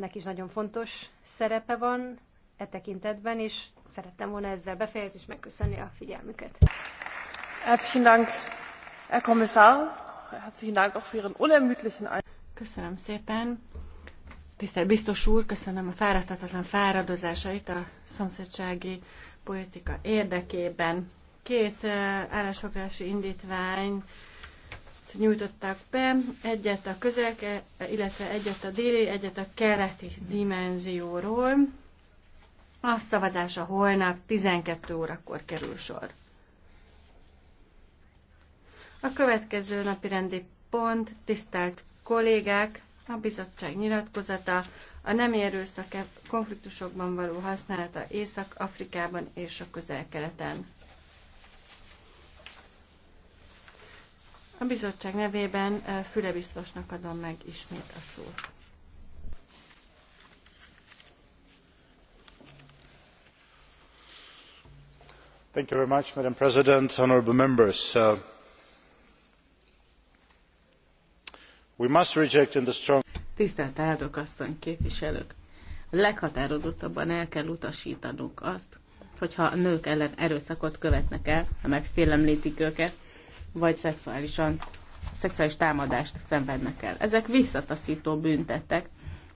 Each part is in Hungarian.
parlamentnek is nagyon fontos szerepe van e tekintetben, és szerettem volna ezzel befejezni és megköszönni a figyelmüket. Herzlichen Dank, Herr Kommissar. Herzlichen Dank auch für Ihren unermüdlichen Köszönöm szépen. Tisztelt biztos úr, köszönöm a fáradhatatlan fáradozásait a szomszédsági politika érdekében. Két eh, állásfoglalási indítvány Nyújtották be, egyet a közelke, illetve egyet a déli, egyet a keleti dimenzióról. A a holnap 12 órakor kerül sor. A következő napi rendi pont, tisztelt kollégák, a bizottság nyilatkozata, a nem érőszak konfliktusokban való használata Észak-Afrikában és a közel-keleten. A bizottság nevében eh, Füle biztosnak adom meg ismét a szót. Thank you very much, Madam President, honorable members. Uh, we must reject in the strong... Tisztelt elnök asszony, képviselők! Leghatározottabban el kell utasítanunk azt, hogyha a nők ellen erőszakot követnek el, ha megfélemlítik őket, vagy szexuálisan, szexuális támadást szenvednek el. Ezek visszataszító büntetek,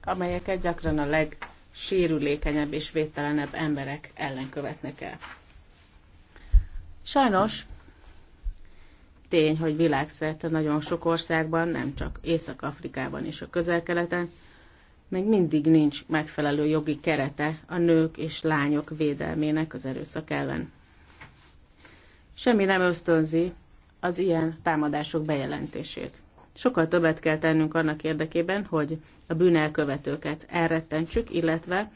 amelyeket gyakran a legsérülékenyebb és védtelenebb emberek ellen követnek el. Sajnos tény, hogy világszerte nagyon sok országban, nem csak Észak-Afrikában és a közel-keleten, még mindig nincs megfelelő jogi kerete a nők és lányok védelmének az erőszak ellen. Semmi nem ösztönzi az ilyen támadások bejelentését. Sokkal többet kell tennünk annak érdekében, hogy a bűnelkövetőket elrettentsük, illetve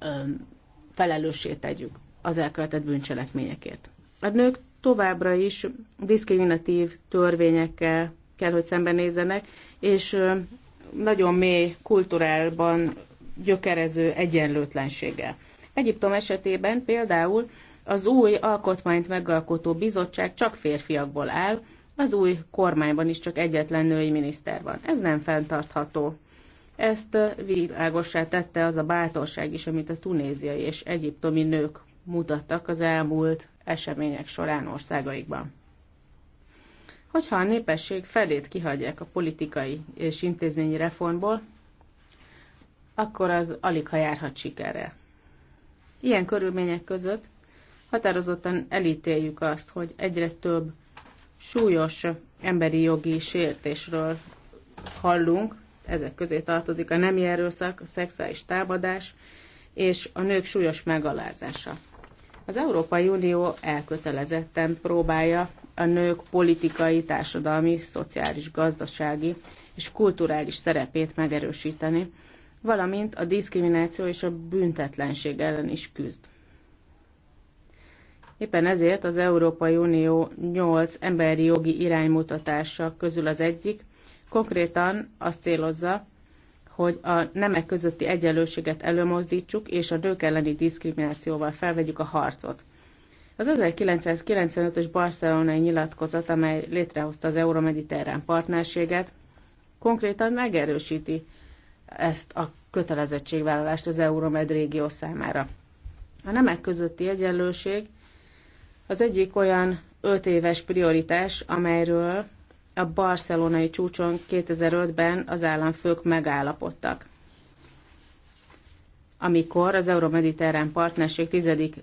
öm, felelőssé tegyük az elkövetett bűncselekményekért. A nők továbbra is diszkriminatív törvényekkel kell, hogy szembenézzenek, és nagyon mély kulturálban gyökerező egyenlőtlenséggel. Egyiptom esetében például az új alkotmányt megalkotó bizottság csak férfiakból áll, az új kormányban is csak egyetlen női miniszter van. Ez nem fenntartható. Ezt világosá tette az a bátorság is, amit a tunéziai és egyiptomi nők mutattak az elmúlt események során országaikban. Hogyha a népesség felét kihagyják a politikai és intézményi reformból, akkor az alig ha járhat sikerrel. Ilyen körülmények között Határozottan elítéljük azt, hogy egyre több súlyos emberi jogi sértésről hallunk, ezek közé tartozik a nemi erőszak, a szexuális támadás és a nők súlyos megalázása. Az Európai Unió elkötelezetten próbálja a nők politikai, társadalmi, szociális, gazdasági és kulturális szerepét megerősíteni, valamint a diszkrimináció és a büntetlenség ellen is küzd. Éppen ezért az Európai Unió 8 emberi jogi iránymutatása közül az egyik konkrétan azt célozza, hogy a nemek közötti egyenlőséget előmozdítsuk, és a nők elleni diszkriminációval felvegyük a harcot. Az 1995-ös barcelonai nyilatkozat, amely létrehozta az Euromediterrán partnerséget, konkrétan megerősíti ezt a kötelezettségvállalást az Euromed régió számára. A nemek közötti egyenlőség az egyik olyan öt éves prioritás, amelyről a barcelonai csúcson 2005-ben az államfők megállapodtak. Amikor az Euromediterrán Partnerség tizedik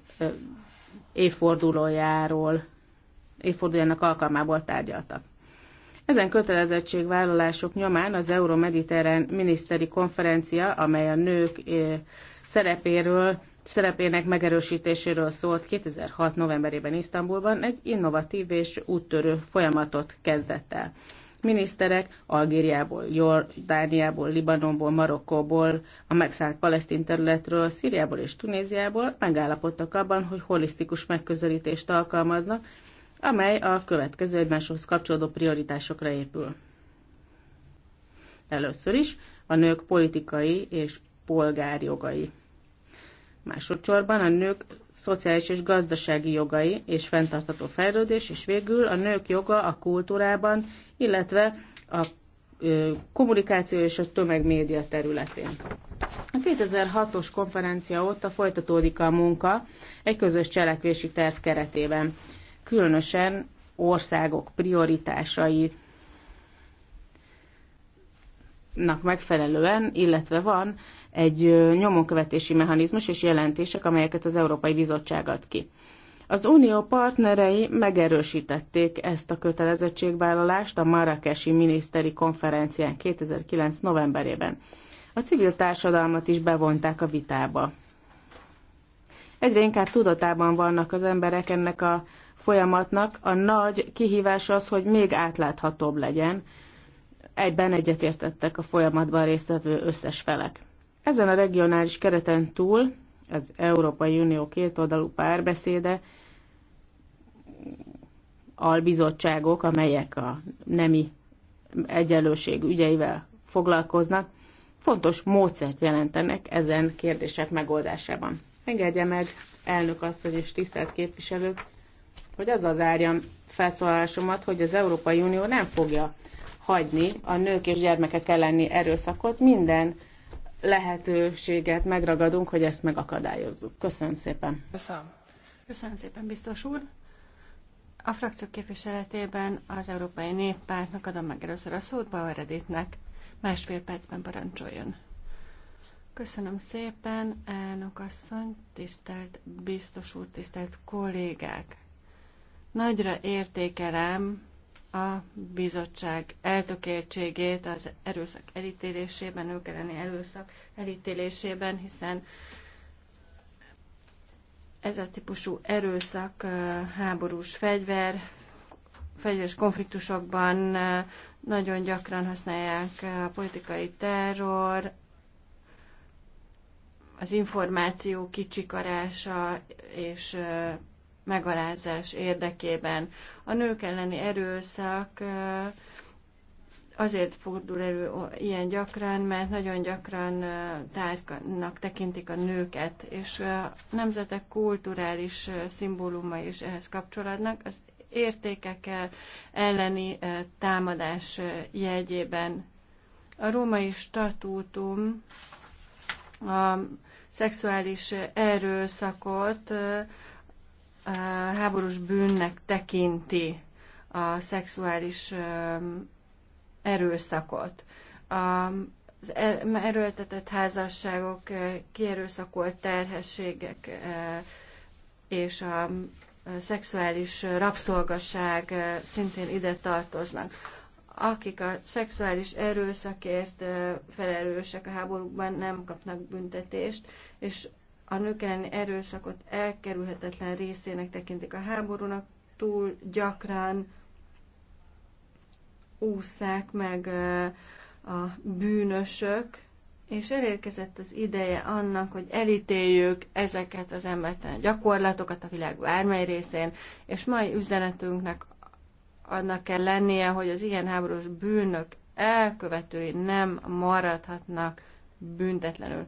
évfordulójáról, évfordulójának alkalmából tárgyaltak. Ezen kötelezettségvállalások nyomán az Euromediterrán miniszteri konferencia, amely a nők szerepéről szerepének megerősítéséről szólt 2006. novemberében Isztambulban egy innovatív és úttörő folyamatot kezdett el. Miniszterek Algériából, Jordániából, Libanonból, Marokkóból, a megszállt palesztin területről, Szíriából és Tunéziából megállapodtak abban, hogy holisztikus megközelítést alkalmaznak, amely a következő egymáshoz kapcsolódó prioritásokra épül. Először is a nők politikai és polgárjogai másodszorban a nők szociális és gazdasági jogai és fenntartható fejlődés, és végül a nők joga a kultúrában, illetve a kommunikáció és a tömegmédia területén. A 2006-os konferencia óta folytatódik a munka egy közös cselekvési terv keretében, különösen országok prioritásait nak megfelelően, illetve van egy nyomonkövetési mechanizmus és jelentések, amelyeket az Európai Bizottság ad ki. Az unió partnerei megerősítették ezt a kötelezettségvállalást a Marrakesi miniszteri konferencián 2009. novemberében. A civil társadalmat is bevonták a vitába. Egyre inkább tudatában vannak az emberek ennek a folyamatnak. A nagy kihívás az, hogy még átláthatóbb legyen, egyben egyetértettek a folyamatban résztvevő összes felek. Ezen a regionális kereten túl az Európai Unió kétoldalú párbeszéde albizottságok, amelyek a nemi egyenlőség ügyeivel foglalkoznak, fontos módszert jelentenek ezen kérdések megoldásában. Engedje meg, elnök asszony és tisztelt képviselők, hogy az az árjam felszólalásomat, hogy az Európai Unió nem fogja hagyni a nők és gyermekek elleni erőszakot. Minden lehetőséget megragadunk, hogy ezt megakadályozzuk. Köszönöm szépen. Köszönöm. Köszönöm szépen, biztos úr. A frakció képviseletében az Európai Néppártnak adom meg először a szót Bauer Editnek. Másfél percben parancsoljon. Köszönöm szépen, elnök asszony, tisztelt biztos úr, tisztelt kollégák. Nagyra értékelem a bizottság eltökéltségét az erőszak elítélésében, ők elleni erőszak elítélésében, hiszen ez a típusú erőszak háborús fegyver, fegyveres konfliktusokban nagyon gyakran használják a politikai terror, az információ kicsikarása és megalázás érdekében. A nők elleni erőszak azért fordul elő ilyen gyakran, mert nagyon gyakran tárgynak tekintik a nőket, és a nemzetek kulturális szimbólumai is ehhez kapcsolódnak. Az értékek elleni támadás jegyében a római statútum a szexuális erőszakot háborús bűnnek tekinti a szexuális erőszakot. Az e, erőltetett házasságok, kierőszakolt terhességek és a szexuális rabszolgaság szintén ide tartoznak. Akik a szexuális erőszakért felelősek a háborúkban, nem kapnak büntetést, és a nők elleni erőszakot elkerülhetetlen részének tekintik a háborúnak, túl gyakran úszák meg a bűnösök, és elérkezett az ideje annak, hogy elítéljük ezeket az embertelen gyakorlatokat a világ bármely részén, és mai üzenetünknek annak kell lennie, hogy az ilyen háborús bűnök elkövetői nem maradhatnak büntetlenül.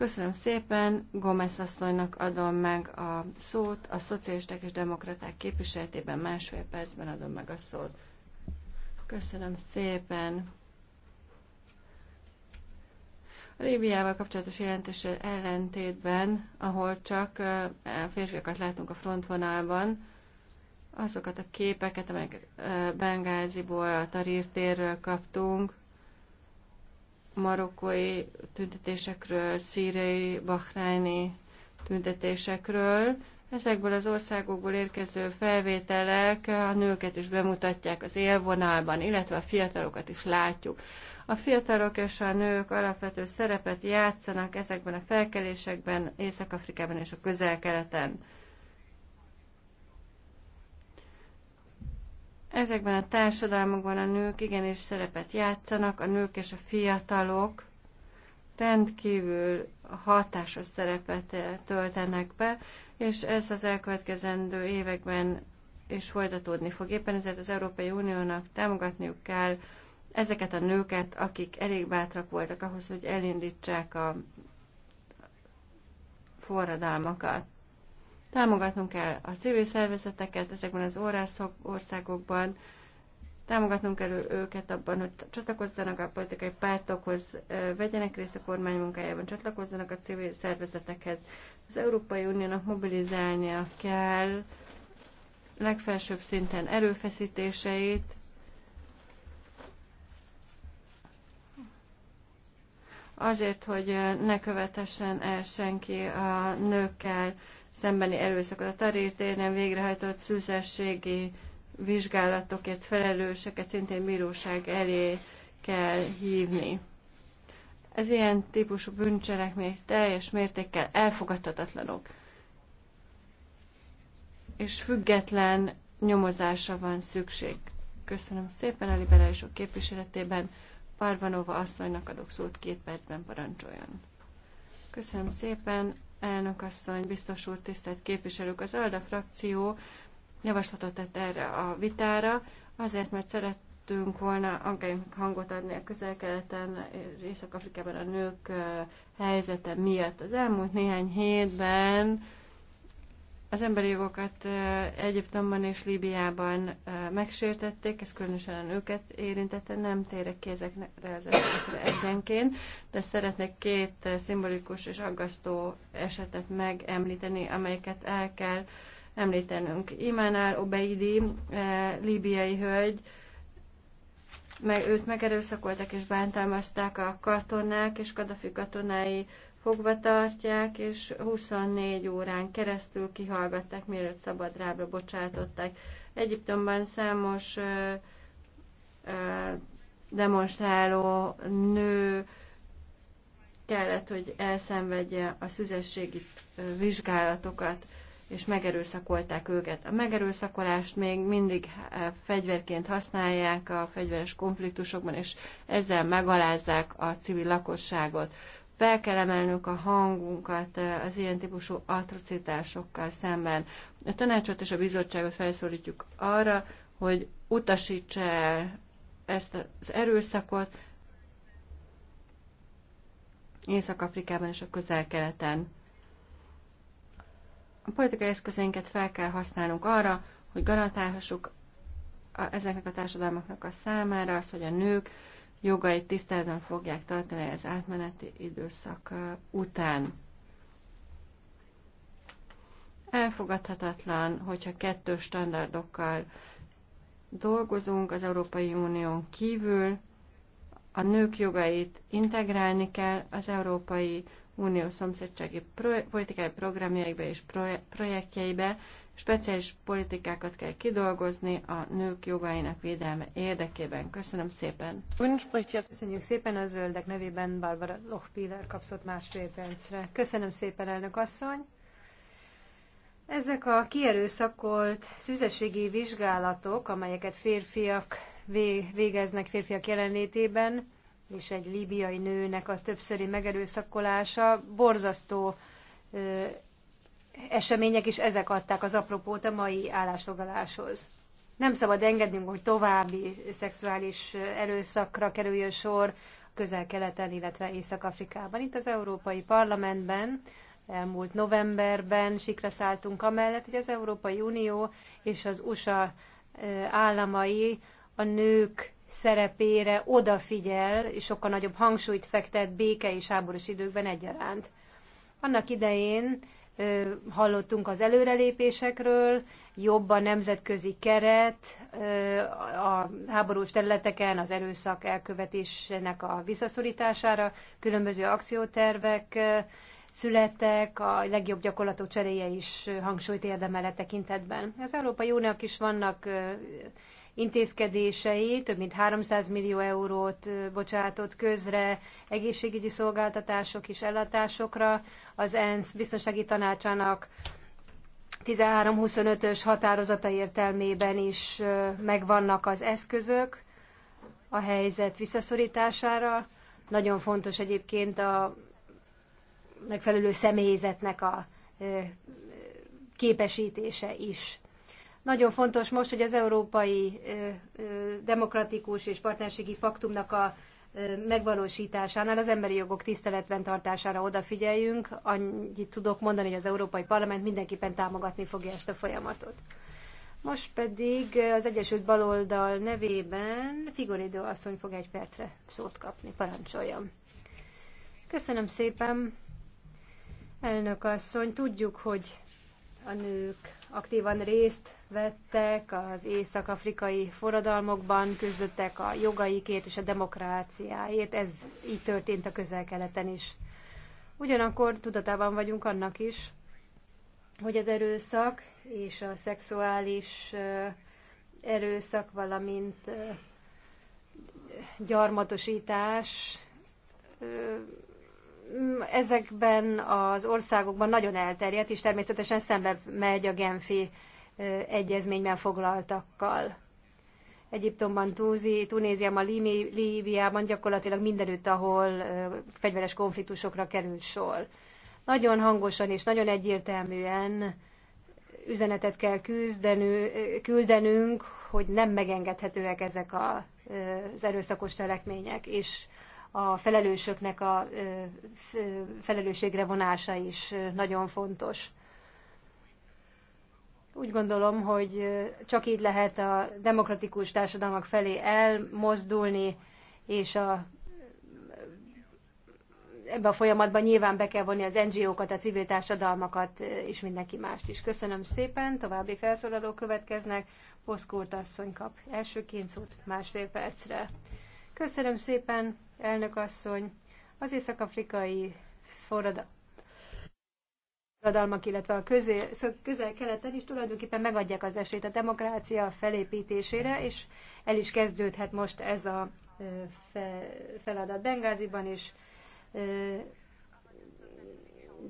Köszönöm szépen, Gomez asszonynak adom meg a szót, a szocialisták és demokraták képviseletében másfél percben adom meg a szót. Köszönöm szépen. A Líbiával kapcsolatos jelentéssel ellentétben, ahol csak férfiakat látunk a frontvonalban, azokat a képeket, amelyeket Bengáziból, a Tarír térről kaptunk, marokkói tüntetésekről, szíriai, bahráni tüntetésekről. Ezekből az országokból érkező felvételek a nőket is bemutatják az élvonalban, illetve a fiatalokat is látjuk. A fiatalok és a nők alapvető szerepet játszanak ezekben a felkelésekben Észak-Afrikában és a közel-keleten. Ezekben a társadalmakban a nők igenis szerepet játszanak, a nők és a fiatalok rendkívül hatásos szerepet eh, töltenek be, és ez az elkövetkezendő években is folytatódni fog. Éppen ezért az Európai Uniónak támogatniuk kell ezeket a nőket, akik elég bátrak voltak ahhoz, hogy elindítsák a forradalmakat. Támogatnunk kell a civil szervezeteket ezekben az orrászok, országokban, támogatnunk kell őket abban, hogy csatlakozzanak a politikai pártokhoz, vegyenek részt a kormány munkájában, csatlakozzanak a civil szervezetekhez. Az Európai Uniónak mobilizálnia kell legfelsőbb szinten erőfeszítéseit, azért, hogy ne követhessen el senki a nőkkel szembeni erőszakot. A tarítéren végrehajtott szűzességi vizsgálatokért felelőseket szintén bíróság elé kell hívni. Ez ilyen típusú bűncselekmények teljes mértékkel elfogadhatatlanok, és független nyomozásra van szükség. Köszönöm szépen a liberálisok képviseletében. Parvanova asszonynak adok szót két percben parancsoljon. Köszönöm szépen, elnök asszony, biztos úr, tisztelt képviselők. Az ALDA frakció javaslatot tett erre a vitára, azért, mert szerettünk volna aggályunk hangot adni a közel-keleten, Észak-Afrikában a nők helyzete miatt. Az elmúlt néhány hétben az emberi jogokat Egyiptomban és Líbiában megsértették, ez különösen a nőket érintette, nem térek ki ezekre az esetekre egyenként, de szeretnék két szimbolikus és aggasztó esetet megemlíteni, amelyeket el kell említenünk. Imánál Obeidi, líbiai hölgy, meg őt megerőszakoltak és bántalmazták a katonák és Kadafi katonái fogva tartják, és 24 órán keresztül kihallgatták, mielőtt szabadrábra bocsátották. Egyiptomban számos ö, ö, demonstráló nő kellett, hogy elszenvedje a szüzességi vizsgálatokat, és megerőszakolták őket. A megerőszakolást még mindig fegyverként használják a fegyveres konfliktusokban, és ezzel megalázzák a civil lakosságot fel kell emelnünk a hangunkat eh, az ilyen típusú atrocitásokkal szemben. A tanácsot és a bizottságot felszólítjuk arra, hogy utasítsa el ezt az erőszakot Észak-Afrikában és a közel-keleten. A politikai eszközeinket fel kell használnunk arra, hogy garantálhassuk a, ezeknek a társadalmaknak a számára azt, hogy a nők jogait tiszteletben fogják tartani az átmeneti időszak után. Elfogadhatatlan, hogyha kettős standardokkal dolgozunk az Európai Unión kívül, a nők jogait integrálni kell az Európai Unió szomszédsági politikai programjaiba és projektjeibe, Speciális politikákat kell kidolgozni a nők jogainak védelme érdekében. Köszönöm szépen. Köszönjük szépen a zöldek nevében Barbara Lochpiller kapszott másfél percre. Köszönöm szépen, elnök asszony. Ezek a kierőszakolt szüzességi vizsgálatok, amelyeket férfiak végeznek férfiak jelenlétében, és egy líbiai nőnek a többszöri megerőszakolása borzasztó események is ezek adták az apropót a mai állásfoglaláshoz. Nem szabad engednünk, hogy további szexuális erőszakra kerüljön sor közel-keleten, illetve Észak-Afrikában. Itt az Európai Parlamentben elmúlt novemberben sikra szálltunk amellett, hogy az Európai Unió és az USA államai a nők szerepére odafigyel, és sokkal nagyobb hangsúlyt fektet béke és háborús időkben egyaránt. Annak idején hallottunk az előrelépésekről, jobb a nemzetközi keret a háborús területeken az erőszak elkövetésének a visszaszorítására, különböző akciótervek születtek, a legjobb gyakorlatok cseréje is hangsúlyt érdemel a e tekintetben. Az Európai Uniónak is vannak intézkedései több mint 300 millió eurót bocsátott közre egészségügyi szolgáltatások és ellátásokra. Az ENSZ biztonsági tanácsának 13-25-ös határozata értelmében is megvannak az eszközök a helyzet visszaszorítására. Nagyon fontos egyébként a megfelelő személyzetnek a képesítése is. Nagyon fontos most, hogy az európai demokratikus és partnerségi faktumnak a megvalósításánál az emberi jogok tiszteletben tartására odafigyeljünk. Annyit tudok mondani, hogy az Európai Parlament mindenképpen támogatni fogja ezt a folyamatot. Most pedig az Egyesült Baloldal nevében Figoridó asszony fog egy percre szót kapni. Parancsoljam. Köszönöm szépen, elnök asszony. Tudjuk, hogy a nők aktívan részt vettek az észak-afrikai forradalmokban, küzdöttek a jogaikért és a demokráciáért. Ez így történt a közel-keleten is. Ugyanakkor tudatában vagyunk annak is, hogy az erőszak és a szexuális erőszak, valamint gyarmatosítás ezekben az országokban nagyon elterjedt, és természetesen szembe megy a Genfi egyezményben foglaltakkal. Egyiptomban, Túzi, Tunéziában, Líbiában gyakorlatilag mindenütt, ahol fegyveres konfliktusokra került sor. Nagyon hangosan és nagyon egyértelműen üzenetet kell küzdenő, küldenünk, hogy nem megengedhetőek ezek az erőszakos cselekmények, és a felelősöknek a felelősségre vonása is nagyon fontos. Úgy gondolom, hogy csak így lehet a demokratikus társadalmak felé elmozdulni, és a, ebbe a folyamatban nyilván be kell vonni az NGO-kat, a civil társadalmakat és mindenki mást is. Köszönöm szépen, további felszólalók következnek. Poszkórt asszony kap elsőként szót másfél percre. Köszönöm szépen, elnök asszony. Az észak-afrikai forradalmak, illetve a közel-keleten is tulajdonképpen megadják az esélyt a demokrácia felépítésére, és el is kezdődhet most ez a feladat Bengáziban is,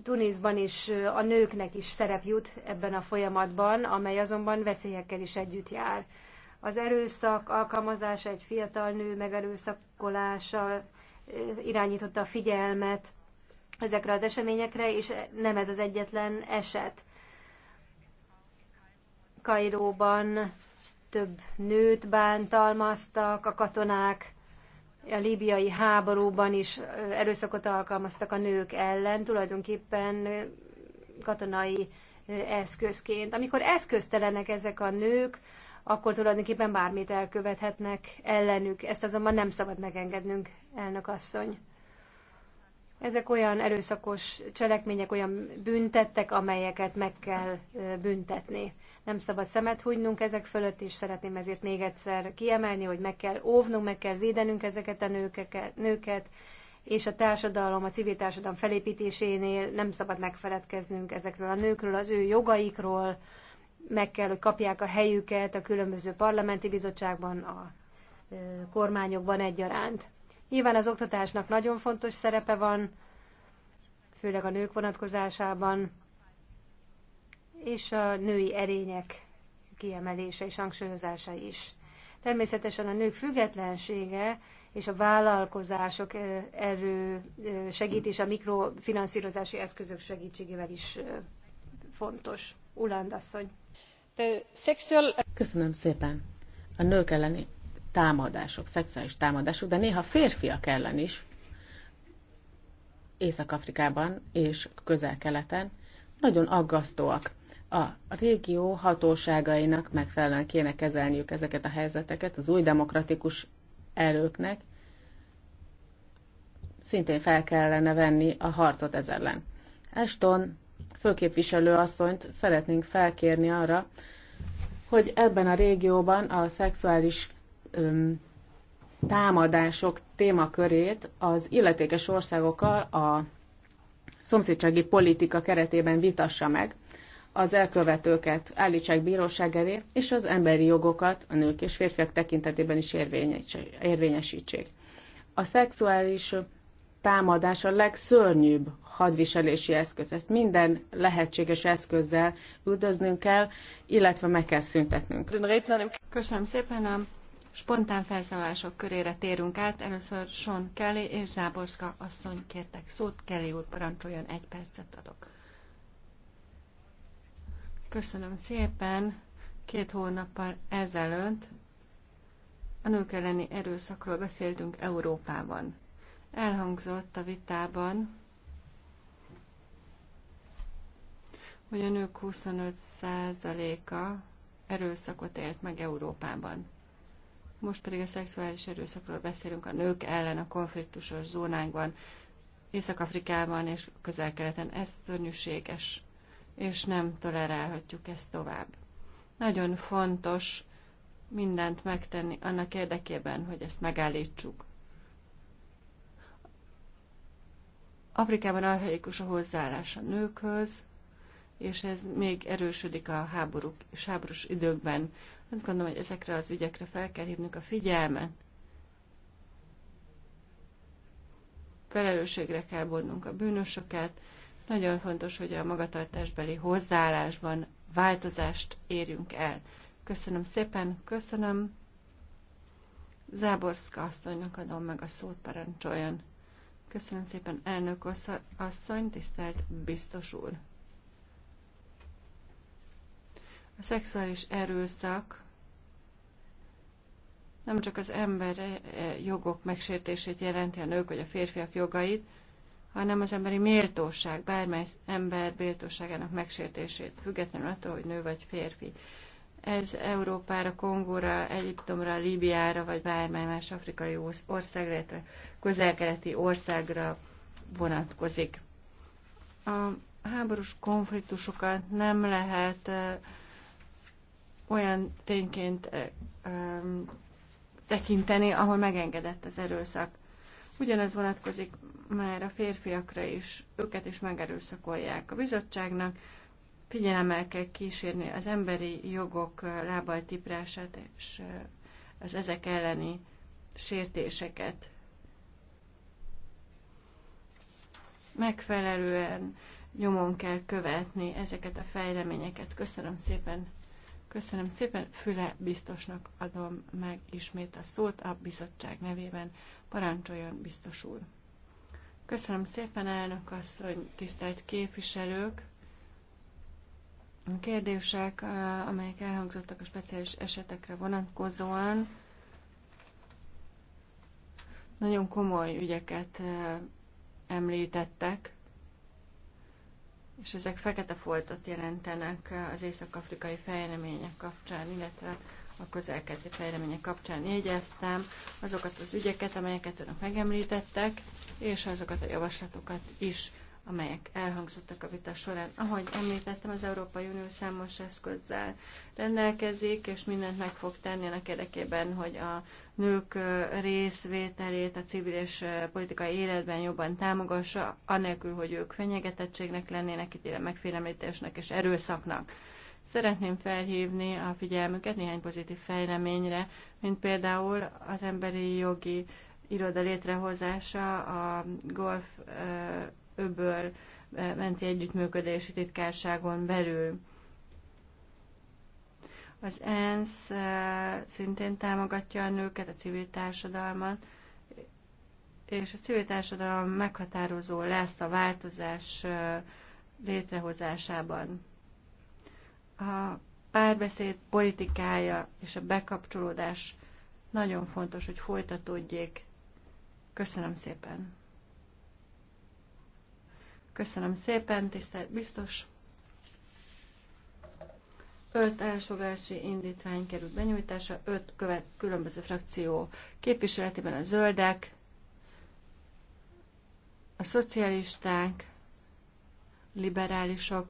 Tunisban is a nőknek is szerep jut ebben a folyamatban, amely azonban veszélyekkel is együtt jár. Az erőszak alkalmazása, egy fiatal nő megerőszakolása eh, irányította a figyelmet ezekre az eseményekre, és nem ez az egyetlen eset. Kairóban több nőt bántalmaztak a katonák, a líbiai háborúban is eh, erőszakot alkalmaztak a nők ellen, tulajdonképpen eh, katonai eszközként. Amikor eszköztelenek ezek a nők, akkor tulajdonképpen bármit elkövethetnek ellenük. Ezt azonban nem szabad megengednünk, elnök asszony. Ezek olyan erőszakos cselekmények, olyan büntettek, amelyeket meg kell büntetni. Nem szabad szemet hunynunk ezek fölött, és szeretném ezért még egyszer kiemelni, hogy meg kell óvnunk, meg kell védenünk ezeket a nőkeket, nőket, és a társadalom, a civil társadalom felépítésénél nem szabad megfeledkeznünk ezekről a nőkről, az ő jogaikról, meg kell, hogy kapják a helyüket a különböző parlamenti bizottságban, a kormányokban egyaránt. Nyilván az oktatásnak nagyon fontos szerepe van, főleg a nők vonatkozásában, és a női erények kiemelése és hangsúlyozása is. Természetesen a nők függetlensége és a vállalkozások erő segítése a mikrofinanszírozási eszközök segítségével is fontos. Ulandasszony. asszony. Köszönöm szépen. A nők elleni támadások, szexuális támadások, de néha férfiak ellen is, Észak-Afrikában és Közel-Keleten nagyon aggasztóak. A régió hatóságainak megfelelően kéne kezelniük ezeket a helyzeteket, az új demokratikus erőknek szintén fel kellene venni a harcot ezzel ellen. Ashton főképviselő asszonyt szeretnénk felkérni arra, hogy ebben a régióban a szexuális öm, támadások témakörét az illetékes országokkal a szomszédsági politika keretében vitassa meg, az elkövetőket állítsák bíróság elé, és az emberi jogokat a nők és férfiak tekintetében is érvényesítsék. A szexuális támadás a legszörnyűbb hadviselési eszköz. Ezt minden lehetséges eszközzel üldöznünk kell, illetve meg kell szüntetnünk. Köszönöm szépen a spontán felszólalások körére térünk át. Először Son Kelly és Záborska asszony kértek szót. Kelly úr parancsoljon, egy percet adok. Köszönöm szépen. Két hónappal ezelőtt a nők elleni erőszakról beszéltünk Európában. Elhangzott a vitában, hogy a nők 25%-a erőszakot élt meg Európában. Most pedig a szexuális erőszakról beszélünk a nők ellen a konfliktusos zónánkban, Észak-Afrikában és közel-keleten. Ez szörnyűséges, és nem tolerálhatjuk ezt tovább. Nagyon fontos mindent megtenni annak érdekében, hogy ezt megállítsuk. Afrikában arhaikus a hozzáállás a nőkhöz, és ez még erősödik a háborúk és háborús időkben. Azt gondolom, hogy ezekre az ügyekre fel kell hívnunk a figyelmet. Felelősségre kell vonnunk a bűnösöket. Nagyon fontos, hogy a magatartásbeli hozzáállásban változást érjünk el. Köszönöm szépen, köszönöm. Záborszka asszonynak adom meg a szót, parancsoljon. Köszönöm szépen, elnök asszony, tisztelt biztos úr. A szexuális erőszak nem csak az ember eh, jogok megsértését jelenti a nők vagy a férfiak jogait, hanem az emberi méltóság, bármely ember méltóságának megsértését, függetlenül attól, hogy nő vagy férfi. Ez Európára, Kongóra, Egyiptomra, Líbiára, vagy bármely más afrikai országra, illetve közel-keleti országra vonatkozik. A háborús konfliktusokat nem lehet olyan tényként tekinteni, ahol megengedett az erőszak. Ugyanez vonatkozik már a férfiakra is, őket is megerőszakolják a bizottságnak, Figyelemmel kell kísérni az emberi jogok lábbal tiprását és az ezek elleni sértéseket. Megfelelően nyomon kell követni ezeket a fejleményeket. Köszönöm szépen, köszönöm szépen, Füle biztosnak adom meg ismét a szót a bizottság nevében. Parancsoljon biztos úr. Köszönöm szépen, elnök asszony, tisztelt képviselők! A kérdések, amelyek elhangzottak a speciális esetekre vonatkozóan, nagyon komoly ügyeket említettek, és ezek fekete foltot jelentenek az észak-afrikai fejlemények kapcsán, illetve a közelkeleti fejlemények kapcsán jegyeztem azokat az ügyeket, amelyeket önök megemlítettek, és azokat a javaslatokat is, amelyek elhangzottak a vita során. Ahogy említettem, az Európai Unió számos eszközzel rendelkezik, és mindent meg fog tenni a érdekében, hogy a nők részvételét a civil és politikai életben jobban támogassa, anélkül, hogy ők fenyegetettségnek lennének, ítélve megfélemlítésnek és erőszaknak. Szeretném felhívni a figyelmüket néhány pozitív fejleményre, mint például az emberi jogi iroda létrehozása a golf öböl eh, menti együttműködési titkárságon belül. Az ENSZ eh, szintén támogatja a nőket, a civil társadalmat, és a civil társadalom meghatározó lesz a változás eh, létrehozásában. A párbeszéd politikája és a bekapcsolódás nagyon fontos, hogy folytatódjék. Köszönöm szépen! Köszönöm szépen, tisztelt biztos. Öt elsogási indítvány került benyújtása, öt követ, különböző frakció képviseletében a zöldek, a szocialisták, liberálisok,